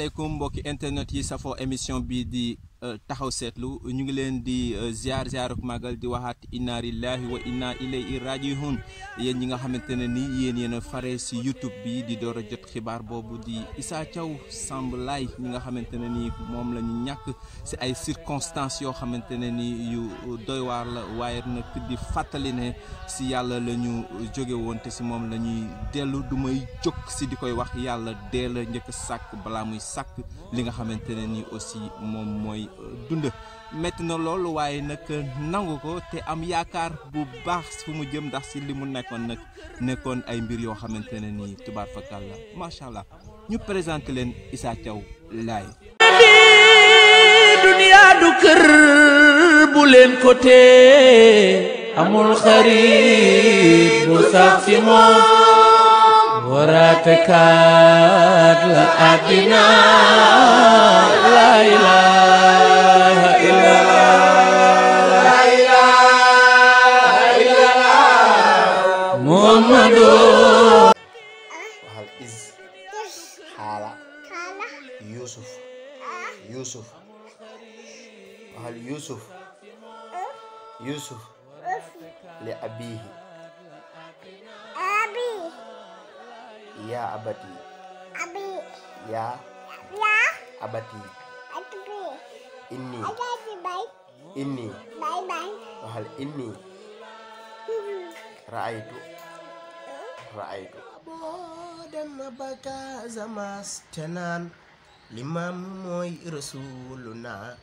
asalaamaaleykum mbokki internet yi safoo émission bii di Euh, taxaw seetlu ñu ngi leen di euh, ziar ziarub màggal di waxaat inna lillahi wa inna ilayhi rajihun yéen ñi nga xamante ne ni yéen yéen a fare si youtube bi di door a jot xibaar boobu di Issa Thiaw Samb Laye ñi nga xamante ne ni moom lañu ñàkk si ay circonstances yoo xamante ne ni yu doy waar la waaye nag di fàttali ne si yàlla la ñu jóge woon te si moom la ñuy dellu du may jóg si di koy wax yàlla dee la njëkk sàkk balaa muy sàkk li nga xamante ne ni aussi moom mooy dund metti na lool waaye nag nangu ko te am yaakaar bu baax fu mu jëm ndax si li mu nekkoon nag nekkoon ay mbir yoo xamante ne nii tubaar fakal la macha allah ñu présenté leen Issa Thiaw Laye duniyaa du kër bu leen ko tee amul xarit bu sax fi moom waraatekat la àddina laay laa hal yusuf yusuf li abihi abi ya abati abi ya ya abati inni inni hal inni ra'aytu ra'aytu boo dem na ba Casamance te naan limaam mooy rasuluna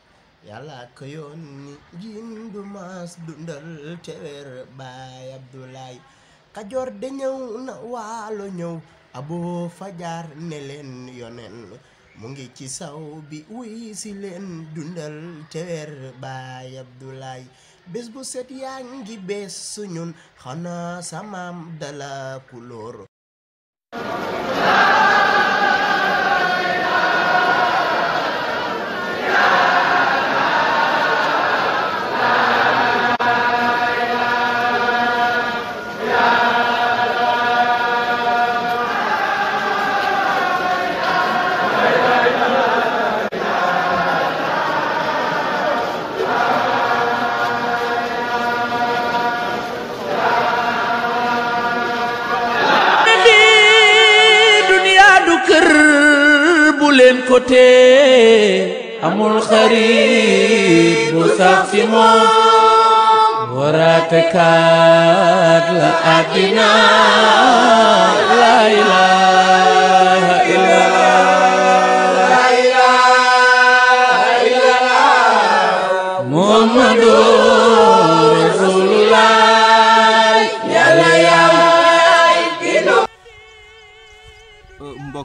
yàlla ko yónni jindu mas dundal te wér baay Abdoulaye Kajoor de ñëw na waalo ñëw aboo fajar ne leen yonen mu ngi ci saw bi wuy si leen dundal te baay Abdoulaye bés bu set yaa ngi bees su ñun xanaa samaam dala kulóor ko tee amul xarit bu sax fi moom waraate kaat la àddina laa ilaaha illallaah muhammadu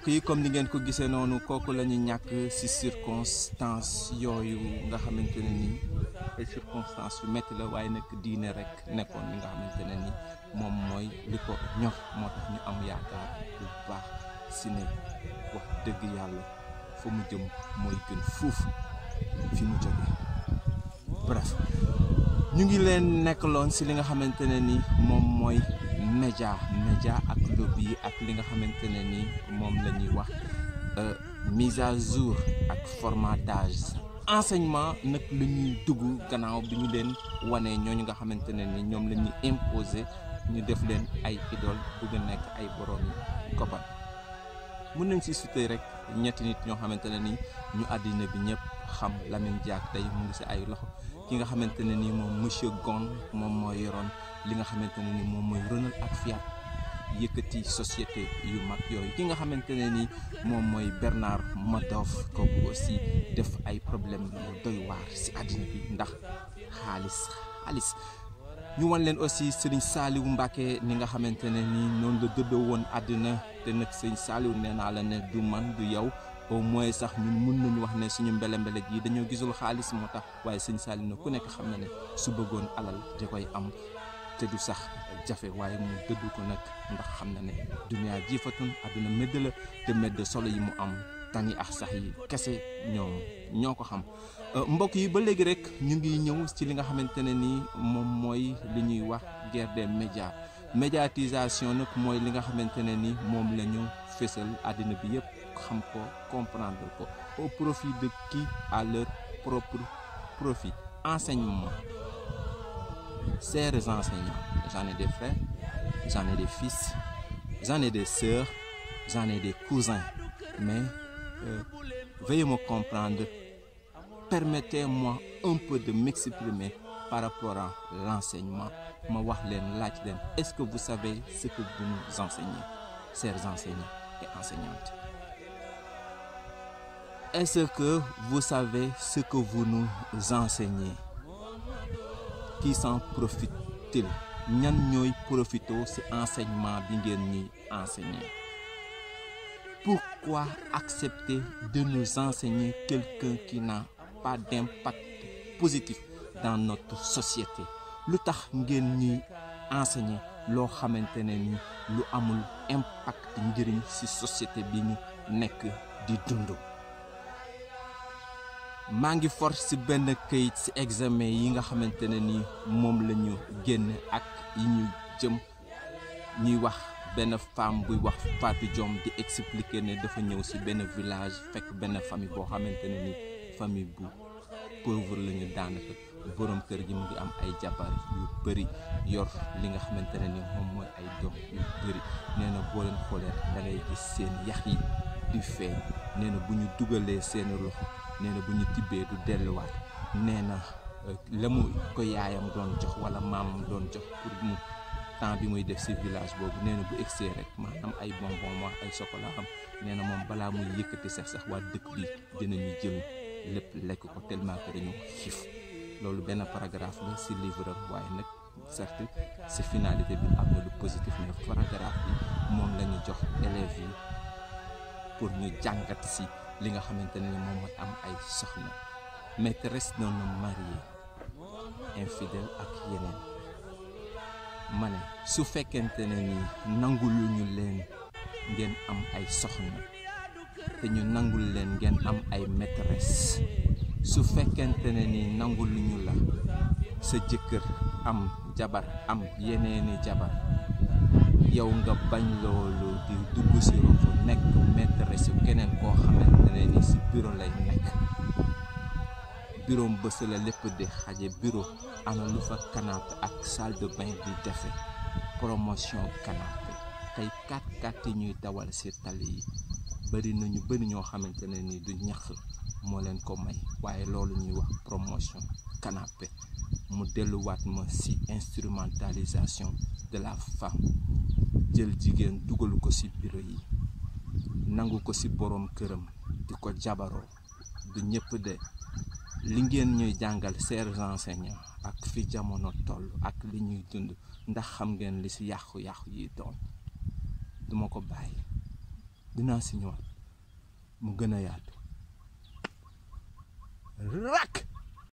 kii comme ni ngeen ko gisee noonu kooku la ñu ñàkk ci circonstance yooyu nga xamante ne ni ay circonstance yu métti la waaye nag diine rek nekkoon li nga xamante ne ni moom mooy li ko ñor moo tax ñu am yaakaar bu baax ci ne wax dëgg yàlla fa mu jëm mooy gën fuuf fi mu jógee bref ñu ngi leen nekkaloon si li nga xamante ne ni moom mooy média média ak lobby ak li nga xamante ne ni moom la ñuy wax euh, mise à jour ak formatage enseignement nag lu ñuy dugg gannaaw bi ñu leen wanee ñooñu nga xamante ne ni ñoom la ñuy imposer ñu def leen ay idole bëgg nekk ay borom yi koppar mën nañ si sutee rek ñetti nit ñoo xamante ne ni ñu àddina bi ñëpp xam Lamine jaar tey mu ngi si ay loxo ki nga xamante ne ni moom monsieur Gon moom mooy yoroon li nga xamante ni moom mooy Renault ak Fiat yëkkati société yu mag yooyu ki nga xamante ne ni moom mooy Bernard Madoff kooku aussi def ay problème yu doy waar si àddina bi ndax xaalis xaalis ñu wan leen aussi saali wu Mbacké ni nga xamante ne ni noonu la dëddoo woon àddina te nag Serigne Saliou nee naa la ne du man du yow au mooy sax ñun mun nañu wax ne suñu mbele mbele yi dañoo gisul xaalis moo tax waaye sëñ Saliou ku nekk xam na ne su bëggoon alal da koy am te du sax jafe waaye mu dëddu nag ndax xam na ne dunia jiifatun àdduna mëdd la te mëdd solo yi mu am tani ak sax yi kese ñoom ñoo ko xam euh, mbokk yi ba léegi rek ñu ngi ñëw ci li nga xamante ne nii moom mooy li ñuy wax gerde des médiatisation nag mooy li nga xamante ne ni moom la ñu fésal àddina bi yëpp xam ko comprendre ko au profit de qui à leur propre profit enseignement chers enseignants j'en ai des frères j'en ai des fils j'en ai des sœurs j'en ai des cousins mais euh, veuillez me comprendre permettez-moi un peu de m'exprimer par rapport à l'enseignement ma wax leen laaj leen est-ce que vous savez ce que vous nous enseignez chers enseignants est-ce que vous savez ce que vous nous enseignez qui s'en profite-t-il ñan ñooy profitoo ci enseignement bi ngeen ñuy enseigner pourquoi accepter de nous enseigner quelqu'un qui n'a pas d'impact positif dans notre société lu tax ngeen ñuy enseigner loo xamante ne ni lu amul impact njëriñ ci société bi ñu nekk di dund maa ngi force ci benn këyit ci examen yi nga xamante ne ni moom lañu génn ak yi ñu jëm ñuy wax benn femme buy wax Fatou Diom di expliquer ne dafa ñëw ci benn village fekk benn famille boo xamante ne ni famille bu pauvre la daanaka borom kër gi mu ngi am ay jabar yu bëri yor li nga xamante ne ni moom mooy ay doom yu bëri nee na boo leen da ngay gis seen yax yi di feeñ nee na bu ñu dugalee seeni loxo nee na bu ñu tibbee du delluwaat nee na euh, la mu ko yaayam doon jox wala maamam doon jox pour mu temps bi muy def si village boobu nee na bu egsee rek maanaam ay bonbon wax ay chocolat am nee moom balaa muy yëkkati sax sax waa dëkk bi dinañu jël lépp lekk ko tellement que dañu loolu benn paragraphe la si livre waaye nag certes si finalité bi am na lu positif mais paragraphe bi moom lañu jox élèves yi pour ñu jàngat si li nga xamante ne moom mooy am ay soxna maîtresse d'un homme marié infidèle ak yeneen ma su fekkente ne nii nangu lu ñu leen ngeen am ay soxna te ñu nangul leen ngeen am ay maîtresse su fekkente ne ni nangu lu ñu la sa jëkkër am jabar am yeneeni jabar yow nga bañ loolu di dugg si ruufu nekk metre si keneen koo xamante ne ni si bureau lay nekk bureau bës lépp di xaje bureau am lu fa canapé ak salle de bain di defe promotion canapé tey kat yi ñuy dawal si tali yi bari nañu bëri ñoo xamante ne ni du ñax moo leen ko may waaye loolu ñuy wax promotion canapé mu delluwaat ma ci instrumentalisation de la femme jël jigéen dugalu ko ci bureau yi nangu ko ci boroom këram di ko jabaroo du ñépp de li ngeen ñuy jàngal chers enseignants ak fi jamono toll ak li ñuy dund ndax xam ngeen li ci yàqu-yàqu yi doon duma ko bàyyi dinaa ci ñëwaat mu gën a yaatu rak